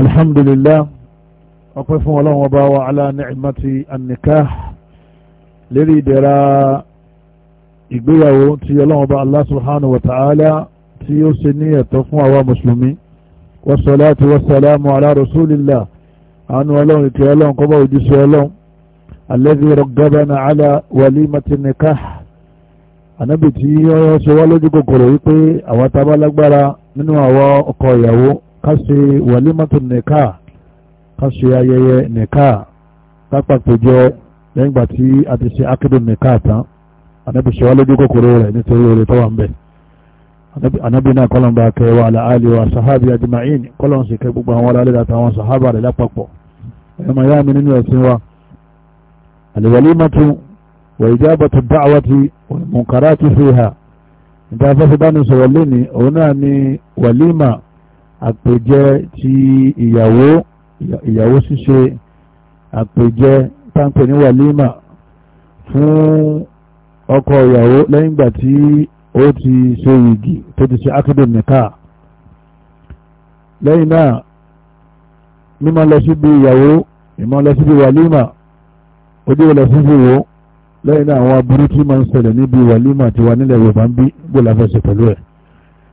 alhamdulillah ọpẹ́ fún ọlọ́run ọba wa ala ni'mati an-nikah lérí ìdẹ̀ra ìgbéyàwó tí ọlọ́run ọba Allah subhanahu wa ta'ala tí ó ṣe ní ẹ̀tọ́ fún àwa mùsùlùmí wasalaatu wasalaamu ala rasulillah àánú ọlọ́run ìkẹ́ ọlọ́run kọ́bọ̀ òjíṣẹ́ ọlọ́run alladhi raggabana ala walimati an-nikah anábì ṣe wá lójú kòkòrò wípé àwọn tábà nínú àwọn ọkọ ìyàwó ká ṣe wàlímọ́tò nìka ká ṣe ayẹyẹ nìka ká pàpéjọ lẹ́yìn ìgbà tí a ti ṣe akéde nìka tán ànábì ṣe wá lójú kòkòrò rẹ̀ nítorí oore tó wà ń bẹ̀ ànábì náà kọ́lọ́n bá kẹ́ wa sahabi ajma'in kọ́lọ́n sì gbogbo àwọn aláàlì àtàwọn sahaba rẹ̀ lápapọ̀ ẹ̀yọ́ máa mi nínú ẹ̀sìn wa alwalimatu wa ijabatu da'wati wa munkarati fiha ìdáfẹ́fẹ́ bá ní sọ̀rọ̀ lónìí òun náà ni wàlímà àpèjẹ ti ìyàwó ìyàwó ṣíṣe àpèjẹ táǹpẹ̀ ní wàlímà fún ọkọ ìyàwó lẹ́yìn ìgbà tí ó ti ṣe yìgì tó ti ṣe akéde nìka lẹ́yìn náà mímọ́ lọ síbi ìyàwó ìmọ́ lọ síbi wàlímà ojú ìlọ síbi wo lẹ́yìn náà àwọn aburú tí máa ń ṣẹlẹ̀ níbi wàlímà ti wà nílẹ̀ yorùbá ń bí gbọ́dọ̀ láfẹsẹ̀ pẹ̀lú ẹ̀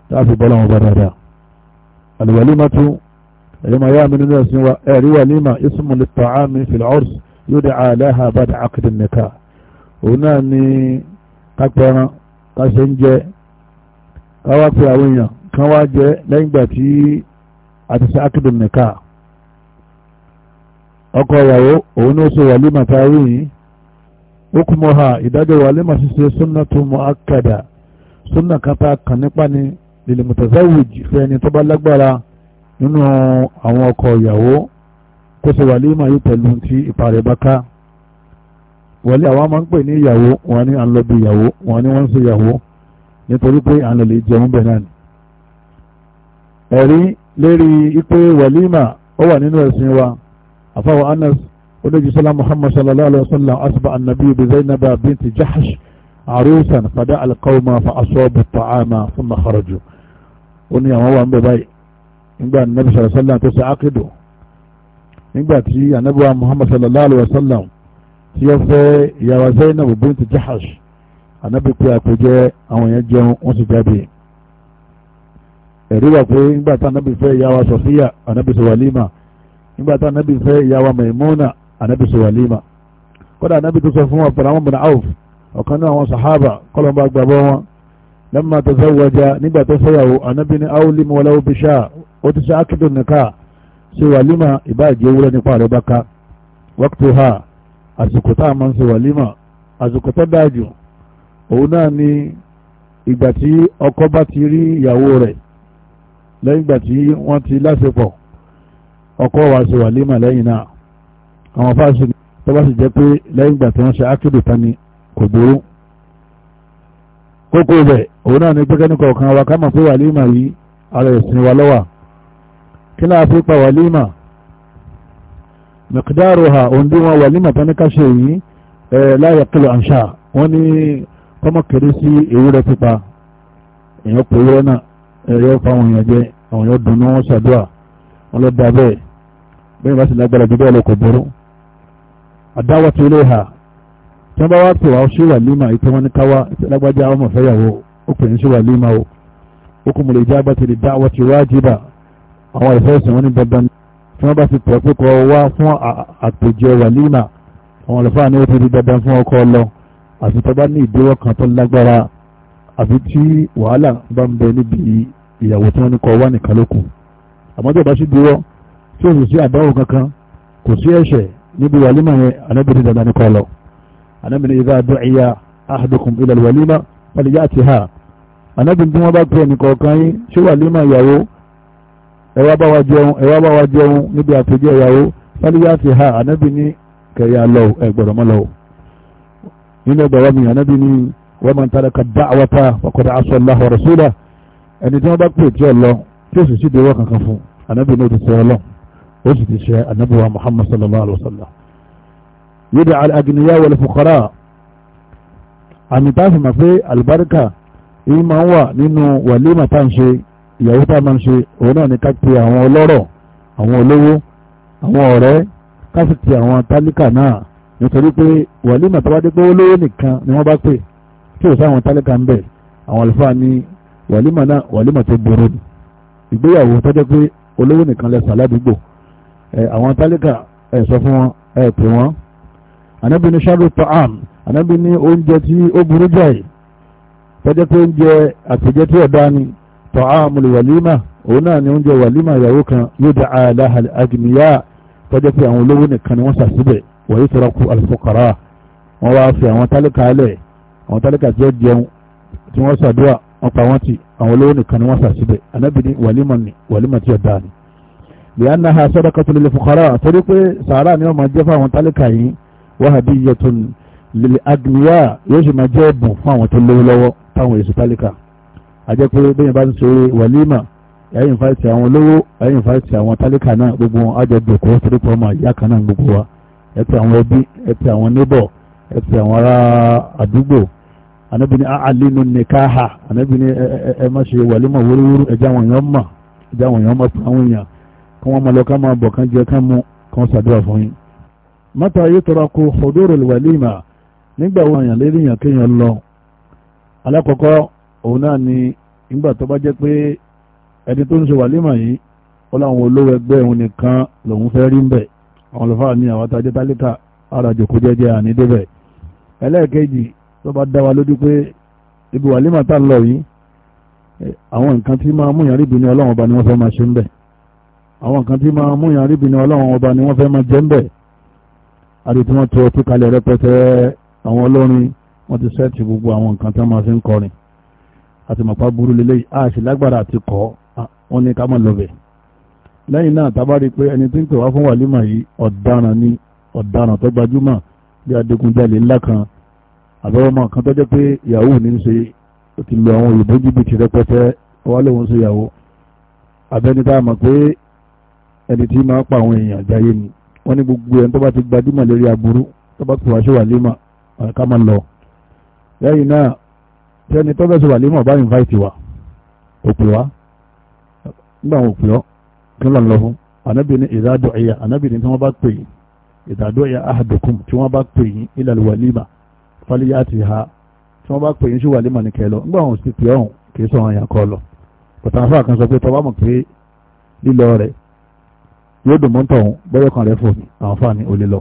tá a fi bọ́ láwọn bá dáadáa alwalimatu ẹ̀yọ́ máa yá mi nínú ẹ̀sìn wa ẹ̀rí walima ismu lit-ta'ami fil-'urs yud'a laha ba'da 'aqd an-nikah òun náà ni kápẹ́ran káṣe ń jẹ káwá pé àwọn èèyàn kan wá jẹ lẹ́yìn ìgbà tí a ti ṣe 'aqd an-nikah ìyàwó òun ní ó ṣe walima táwí yìí hukmuha ìdájọ́ walima ṣíṣe sunnatu mu'akkada sunna kan tá a kàn nípa ni lílẹ̀ mutazawwij fẹ́ ẹni tó bá lágbára nínú àwọn ọkọ ìyàwó kó ṣe wàlímà yìí pẹ̀lú ti ìparẹ́ bá ká wọlé àwọn máa ń pè ní ìyàwó wọn ní à ń lọ bí ìyàwó wọn ní wọ́n ń ṣe ìyàwó nítorí pé à ń lọ lè jẹun bẹ̀ náà ni ẹ̀rí lérí ipe wàlímà ó wà nínú ẹ̀sìn wa àfáwọ̀ anas olójúsọ́lá muhammad sallallahu alaihi wasallam asba annabi bi zainaba binti jahash arusan fada alqawma fa asabu ta'ama thumma kharaju ó ní àwọn wà ń bẹ báyìí nígbà nàbí sọ̀rọ̀ sọ́lá tó sọ ákédò nígbà tí ànábì wa muhammad sallallahu alayhi wa sallam tí ó fẹ́ ìyàwó zainab bint jahash ànábì pé àpèjẹ àwọn èèyàn jẹun wọ́n sì jáde ẹ̀rí wà pé nígbà tá ànábì fẹ́ ìyàwó sọfíà ànábì sọ wàlímà nígbà tá ànábì fẹ́ ìyàwó maimuna ànábì sọ wàlímà kódà ànábì tó sọ fún wa pẹ̀lú àwọn ọmọ náà ọ̀kan náà àwọn sàhábà kọ́lọ́mbà gbàgbọ́ wọn lamma tazawwaja nígbà tó fẹ́yàwó anábì ní áwùlímù wọláwó bí ṣáà ó ti ṣe ákìdùn nìka ṣe wàlímà ìbáàjẹ́ owúrẹ́ nípa rẹ̀ bá ká wọ́pù ha àsìkò tá a máa ń ṣe wàlímà àsìkò tó dájú òun náà ni ìgbà tí ọkọ bá ti rí ìyàwó rẹ̀ lẹ́yìn ìgbà tí wọ́n ti láṣepọ̀ ọkọ wa ṣe wàlímà lẹ́yìn náà àwọn fáṣọ tó bá sì jẹ́ pé lẹ́yìn ìgbà tí wọ́n ṣe ákìdùn tani kò burú kókó rẹ̀ òun náà ni pé kẹ́ni kọ̀ọ̀kan wa ká mọ̀ pé wàlímà yìí ara ẹ̀sìn wa lọ́wà kí láà fi pa wàlímà mẹ̀kídàrò ha òun bí wọn wàlímà tán ní ká ṣe yìí ẹ̀ láyà kílò àṣà wọ́n ní kọ́mọ kéré sí ewúrẹ́ pípa èèyàn pè ewúrẹ́ náà ẹ̀yọ́ fáwọn èèyàn jẹ àwọn èèyàn dùn ní ṣàdúrà wọ́n lọ da bẹ́ẹ̀ bẹ́ẹ̀ bá sì lágbára jù bẹ́ẹ̀ lọ kò burú àdáwọ̀ ilé ha tí wọ́n bá wá pè wá ṣé wàlímà ètò wọn ní káwá lágbájá ọmọ fẹ́yàwó ó pè ní ṣé wàlímà o ó kún mo lè jágbá ti lè dá àwọn ti wájibà àwọn ìfẹ́sìn wọn ní dandan tí wọ́n bá ti pẹ̀ pé wá fún àpèjẹ wàlímà àwọn ọ̀lẹ́fà ni ó ti di dandan fún ọkọ lọ àti tó bá ní ìdíwọ́ kan tó lágbára àfi tí wàhálà bá ń bẹ níbi ìyàwó tí wọ́n ní kọ́ wá nìkan lókun anábìnrin idha du'iya ahadukum ila al-walima falyatiha anábìnrin tí wọ́n bá pè nìkọ̀ọ̀kan yín ṣé wàlímà ìyàwó ẹ wá bá wa jẹun ẹ wá bá wa jẹun níbi àpèjẹ ìyàwó falyatiha anábìnrin kẹyà lọ ẹ gbọ́dọ̀ mọ́ lọ nínú ẹgbẹ́ wa mi anábìnrin wa man taraka ad-da'wata faqad 'asa Allaha wa rasulahu ẹni tí wọ́n bá pè tí ọ lọ tí ó sì sí ìdíwọ́ kankan fún anábìnrin ó ti sẹ́ ọlọ́ ó sì ti sẹ́ anábìnrin wa Muhammad sallallahu alayhi wa yídà al-agniya wal-fuqara àmì tá a fi mọ̀ pé alibarika yìí máa ń wà nínú wàlímà tá à ń ṣe ìyàwó tá a máa ń ṣe òun náà ni ká pe àwọn ọlọ́rọ̀ àwọn olówó àwọn ọ̀rẹ́ ká sì pe àwọn tálíkà náà nítorí pé wàlímà tó bá dé pé olówó nìkan ni wọ́n bá pè tí ò sáwọn tálíkà ń bẹ̀ àwọn àlùfáà ní wàlímà náà wàlímà tó gbòòrò ni ìgbéyàwó tó jẹ́ pé olówó nìkan lẹ́sà ládùúgbò àwọn tálíkà ẹ̀ sọ fún wọn ẹ̀ pè wọ́n ànábì ní ṣáàrù ta'am ànábì ní oúnjẹ tí ó burú jáì tọ́jọ́ pé oúnjẹ àtẹ̀jẹ́ tí ọ̀dá ni ta'amul walima òun náà ni oúnjẹ walima ìyàwó kan yóò dá àlàhà àgbìmíyà tọ́jọ́ pé àwọn olówó nìkan ni wọ́n ṣàṣìbẹ̀ wọ́n yóò tọ́ra kú al-fuqara wọ́n wá fi àwọn tálíkà alẹ̀ àwọn tálíkà tí ó jẹun tí wọ́n ṣàdúrà wọ́n pa wọ́n ti àwọn olówó nìkan ni wọ́n ṣàṣìbẹ̀ ànábì ní walima ni walima tí ọ̀dá ni. lè wahadiyyatun lil agniya yóò sì máa jẹ́ ẹ̀bùn fún àwọn tó lówó lọ́wọ́ táwọn èso tálíkà àjẹ́ pé bẹ́yẹn bá ń ṣe wàlímà ẹ̀yìn fáìtì àwọn olówó ẹ̀yìn fáìtì àwọn tálíkà náà gbogbo àjọ dòkó torípọ̀ ọmọ ìyá kan náà gbogbo wa ẹ ti àwọn ẹbí ẹ ti àwọn níbọ̀ ẹ ti àwọn ará àdúgbò anabi ni alinu nikaha anabi ẹ má ṣe wàlímà wúrúwúrú ẹjẹ àwọn èèyàn mọ̀ ẹjẹ àwọn èèyàn mọ̀ fún àwọn èèyàn kí wọ́n máa lọ ká máa bọ̀ kán jẹ kán mu kán ṣàdúrà fún yín mata yutraku hudurul walima nígbà wọn àyàn lérí yàn kéèyàn lọ alákọ̀ọ́kọ́ òun náà ni ìgbà tó bá jẹ́ pé ẹni tó ń ṣe wàlímà yìí ó láwọn olówó ẹgbẹ́ òun nìkan lòun fẹ́ rí ń bẹ̀ àwọn olùfà ní àwọn tajẹ́ tálíkà ara jòkó jẹ́jẹ́ àní débẹ̀ ẹlẹ́ẹ̀kejì tó bá dá wa lójú pé ibi wàlímà tá ń lọ àwọn nǹkan tí máa múyàn rí bìnrin ọlọ́run ọba ni wọ́n fẹ́ máa ṣe ń bẹ̀ àwọn nǹkan tí máa múyàn rí bìnrin ọlọ́run ọba ni wọ́n fẹ́ máa jẹ́ ń bẹ̀ àti tí wọ́n tó ọtí kalẹ̀ rẹpẹtẹ àwọn olórin wọ́n ti sẹ́ẹ̀tì gbogbo àwọn nǹkan tí wọ́n máa fi ń kọrin àti màpá burú lélẹ́yìí àṣì lágbára àti kọ́ wọ́n ní ká mọ̀ lọ́bẹ̀ lẹ́yìn náà tá a bá rí i pé ẹni tí ń pè wá fún wàlímà yìí ọ̀daràn ni ọ̀daràn tó gbajúmọ̀ bí adigunjalè ńlá kan àbẹ̀wọ̀mọ̀ kan tó jẹ́ pé yahoo ní í ṣe ó ti lo àwọn òyìnbó jìbìtì rẹpẹtẹ wá lóun ṣe yahoo abẹ́ni tá a mọ̀ pé ẹni tí máa pa àwọn èèyàn jáyé ni wọ́n ní gbogbo ẹni tó bá ti gbajúmọ̀ lórí aburú tó bá pè wá ṣe wàlímà ká máa lọ. lẹ́yìn náà sẹ́ni tó fẹ́ ṣe wàlímà bá invite wa kò pè wá nígbà wọn ò pè ọ́ kí ló ń lọ fún ànábì ní ìdádọ́ ẹ̀yà ànábì ní tí wọ́n bá pè yín ìdádọ́ ẹ̀yà ahadukum tí wọ́n bá pè yín ila wàlímà fálíyà ti ha tí wọ́n bá pè yín sí wàlímà ní kẹ́ lọ nígbà wọn ò sì pè yóò dùn mọ́ tọ̀hún bọ́yọ̀ kan rẹ̀ fò àwọn fáàní olè lọ.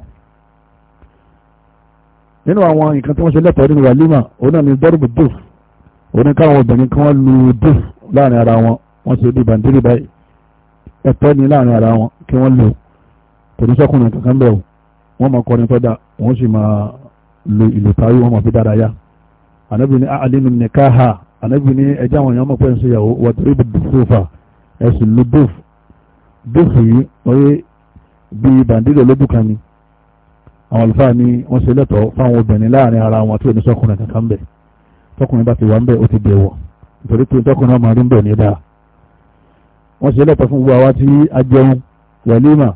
nínú àwọn nǹkan tí wọ́n ṣe lẹ́tọ̀ọ́ nínú wàlímà òun náà ni dọ́rùbù dùf òun ni káwọn obìnrin kan wọ́n lu dùf láàrin ara wọn wọ́n ṣe bí bàǹdírì báyìí ẹ̀tọ́ ni láàrin ara wọn kí wọ́n lò kò ní sọ́kùnrin kankan bẹ̀ o wọ́n máa kọrin tọ́da wọ́n sì máa lu ìlú táyé wọ́n máa fi dára yá ànábì ní àlínú nìkáhà ànábì ní ẹjẹ́ àwọn èèyàn mọ̀ pẹ́ ń ṣe ìyàwó wọ́n ti rí bùdùfúfà ẹ̀sùn lu dùf dófù yìí oye bíi bàndílò lójú kan ni àwọn àlùfáà ni wọ́n ṣe lẹ́tọ̀ọ́ fáwọn obìnrin láàrin ara wọn tí ò ní sọ́kùnrin kankan bẹ̀ tọkùnrin bá ti wà ń bẹ̀ ó ti dèwọ̀ nítorí pé tọkùnrin ọmọ rí ń bẹ̀ ní dáa wọ́n ṣe lẹ́tọ̀ọ́ fún gbogbo àwa tí a jẹun wẹ̀límà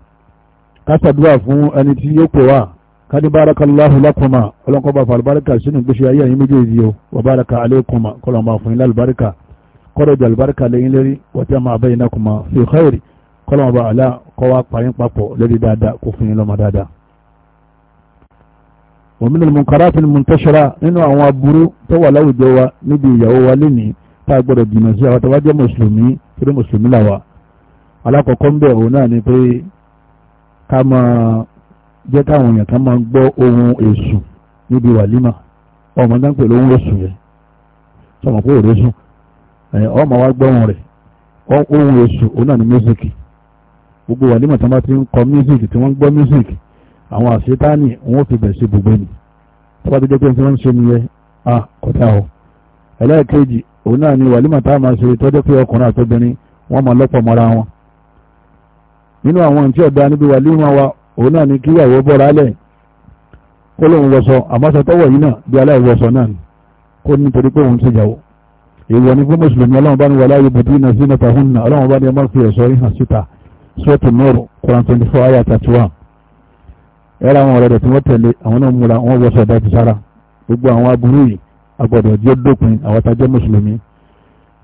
ká ṣàdúrà fún ẹni tí yóò pè wá kadi baraka allahu lakuma ọlọ́nkọ́ bá fa albarika sínú gbèsè ayé àyè méjèèjì o wà baraka alaykuma kọlọ́n bá fún yín lálùbáríkà kọ́dọ̀jà albarika lẹ́yìn lérí wọ́n ti máa bẹ́yìn náà kuma fi khairi kọ́lọ́mọba àlá kọ́ wá pààyàn papọ̀ lórí dáadáa kó fún yín lọ́mọ dáadáa. ومن المنكرات المنتشرة nínú àwọn aburú tó wà láwùjọ wa níbi ìyàwó wa lénìí tá a gbọ́dọ̀ jìnnà sí àwọn tó jẹ́ mùsùlùmí torí mùsùlùmí là wà. alákọ̀ọ́kọ́ ń bẹ̀ òun náà ni pé ká máa jẹ́ káwọn èèyàn máa gbọ́ ohun níbi wàlímà ọmọ náà rẹ̀ sọmọ sùn ọmọ wa gbọ́ ohun gbogbo wà nímọ̀ tí wọ́n bá ti ń kọ music tí wọ́n ń gbọ́ music àwọn àṣetáni wọ́n fi bẹ̀ ṣe gbogbo ni tó bá ti jẹ́ pé tí wọ́n ń ṣe nìyẹn à kọjá o ẹlẹ́ẹ̀kejì òun náà ni wàlímọ̀ tá a máa ṣe tọ́jú pé ọkùnrin àtọ́bìnrin wọ́n máa lọ́pọ̀ mọ́ra wọn nínú àwọn tí ọ̀dà níbi wàlímọ̀ wa òun náà ni kíyàwó bọ́ra lẹ̀ kó lóun wọṣọ àmọ́ṣọ tọ́wọ̀ yìí náà bí aláìwọṣọ náà ni kó nítorí pé òun ṣèyàwó èèwọ̀ ni fún mùsùlùmí ọlọ́run bá ní wàlá yóò bùdí náà sí náà tàhún náà ọlọ́run bá ní ẹ má fi ẹ̀ṣọ́ yìí hàn síta sọ́ọ̀tù nọ́ọ̀rù Quran twenty four ayah thirty one ẹ̀rọ àwọn ọ̀rẹ́ rẹ̀ tí wọ́n tẹ̀lé àwọn náà múra wọ́n wọ sọ̀dá ti sára gbogbo àwọn aburú yìí agbọ́dọ̀ jẹ́ dópin àwọn tajẹ́ mùsùlùmí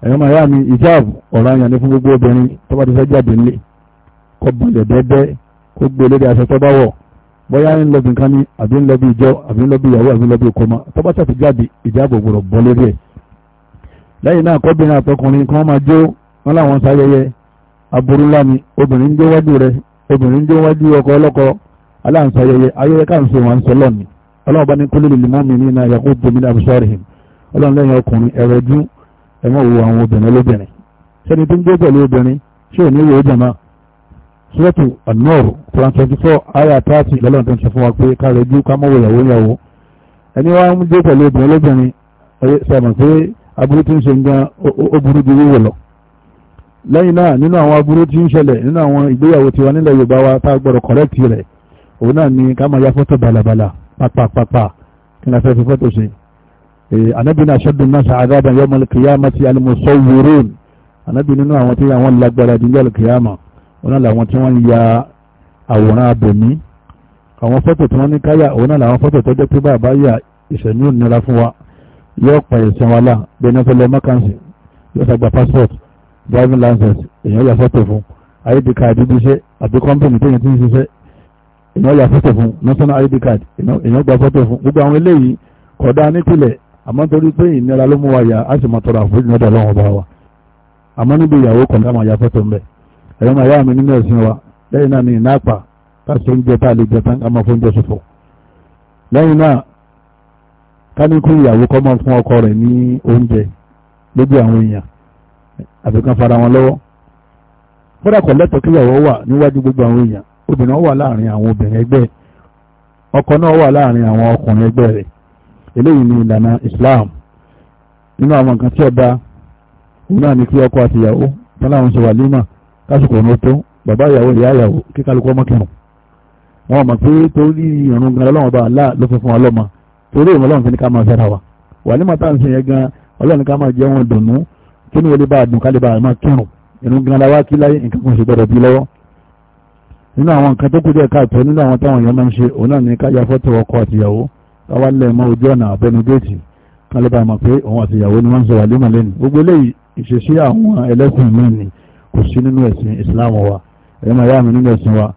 ẹ̀yọ́ màá yá mi hijab ọ̀ranyàn ní fún gbogbo obìnrin tó bá ti fẹ́ jáde ńlé kó balẹ̀ dẹ́dẹ́ kó gbé lédè aṣọ tó bá wọ̀ bóyá ń lọ bí nǹkan ní àbí ń lọ bí ìjọ àbí ń lọ bí ìyàwó àbí ń lọ bí ìkómọ tó bá tàbí jáde hijab gbọ́dọ̀ bọ́ lórí ẹ̀ lẹ́yìn náà kọ́bìnrin àtọkùnrin kan máa jó wọn láwọn sáyẹyẹ aburú ńlá ni obìnrin jó wájú rẹ obìnrin jó wájú ọkọ ọlọ́kọ aláǹsọ ayẹyẹ ayẹyẹ káàǹsọ wọn sọ lọ́ọ̀ni ọlọ́run bá ní kólé lèlè mọ́ mi ní iná yàgò bomi náà sọ́ọ̀rì hìm ọlọ́run lẹ́yìn ọkùnrin ẹ̀rọ ojú ẹ̀ mọ̀ wo àwọn obìnrin olóbìnrin sẹ́ni tó ń gbé pẹ̀lú obìnrin ṣé ò wo jàmá sọ́ọ̀tù ọ̀nọ́ọ̀rù Quran twenty four ayah thirty lọ́lọ́run tó ń sọ fún wa pé káàrọ̀ ojú ká mọ́wọ́ ìyàwó ìyàwó ẹni wá lẹ́yìn náà nínú àwọn aburú tí ń ṣẹlẹ̀ nínú àwọn ìgbéyàwó tiwa nílẹ̀ Yorùbá wa tá a gbọ́dọ̀ kọ̀rẹ́tì rẹ̀ òun náà ni ká máa ya fọ́tò balabala pàpàpàpà kí n afẹ́ fi fọ́tò ṣe. anabi náà ṣẹ́dùn náà ṣàdábà yawm al-qiyamati al-musawwirun anabi nínú àwọn tí àwọn lágbára díjọ́ al òun náà làwọn tí wọ́n ya àwòrán abẹ̀mí àwọn fọ́tò tí wọ́n ní káyà òun náà làwọn fọ́tò tó jẹ́ pé bàbá yà ìṣẹ̀mí òmìnira fún wa yóò pa ẹ̀sìn wa lá bẹ́ẹ̀ ní passport driving license èèyàn yà fọ́tò fún id card ibi iṣẹ́ àbí company téèyàn ti ń ṣiṣẹ́ èèyàn yà fọ́tò fún national id card èèyàn gba fọ́tò fún gbogbo àwọn eléyìí kódà nípìnlẹ̀ àmọ́ torí pé ìnira ló mú wa yà á sì máa tọrọ àforíjì lọ́dọ̀ ọlọ́run ọba wa àmọ́ níbi ìyàwó kódà máa yà fọ́tò ńbẹ ẹ̀rọ máa yá mi nínú ẹ̀sìn wa lẹ́yìn náà ni ìnáàpà káṣí oúnjẹ tá a lè jẹ tán ká máa fóúnjẹ ṣòfò lẹ́yìn náà ká ní kó ìyàwó kọ́ máa fún ọkọ rẹ̀ ní oúnjẹ lójú àwọn èèyàn àfikún fara wọn lọ́wọ́ kódà kò lẹ́tọ̀ọ́ kíyàwó wà níwájú gbogbo àwọn èèyàn obìnrin wà láàrin àwọn obìnrin ẹgbẹ́ ọkọ náà wà láàrin àwọn ọkùnrin ẹgbẹ́ rẹ̀ eléyìí ni ìlànà Islam nínú àwọn nǹkan tí ọba kí ọkọ àti ìyàwó tán láwọn ṣe wà límà ọ̀nà tó bàbá ìyàwó ìyá ìyàwó kí ọmọ kẹrùn wọn mọ̀ pé torí gan ọlọ́run ló fún ọlọ́mọ torí ọlọ́run fi ní ká máa fẹ́ra wa kí ni wọlé bá dùn ká lè bá àmà kírun irun gan la wá kí láyé nǹkan kan ṣe gbọdọ̀ bí lọ́wọ́ nínú àwọn nǹkan tó kù díẹ̀ káàtó nínú àwọn táwọn èèyàn máa ń ṣe òun náà ní ká fọ́tò ọkọ àtìyàwó káwá lẹ̀ mọ́ ojú ọ̀nà àbẹnu géètì ká bá àmà pé òun àtìyàwó ni wọ́n ń sọ wà lẹ́mọ̀ lẹ́nu gbogbo eléyìí ìṣesí àwọn ẹlẹ́sìn ni kò wa ẹ̀yẹ́ máa yá mi nínú ẹ̀sìn wa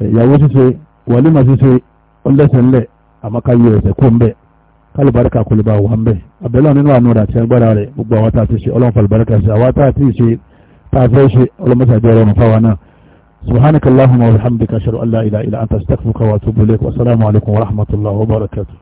ìyàwó kálùbáríkà kò lè bá wà ń bẹ̀ àbẹ̀lọ́ nínú àánú rẹ̀ àti agbára rẹ̀ gbogbo àwọn tá a ti ṣe ọlọ́run fàlùbáríkà sí àwọn tá a ti ṣe tá a fẹ́ ṣe ọlọ́mọṣàjẹ́ rọrùn fáwa náà subhanaka allahumma wa bihamdika ashhadu anta astaghfiruka wa atubu ilayk wa assalamu alaykum wa rahmatullahi wa barakatuh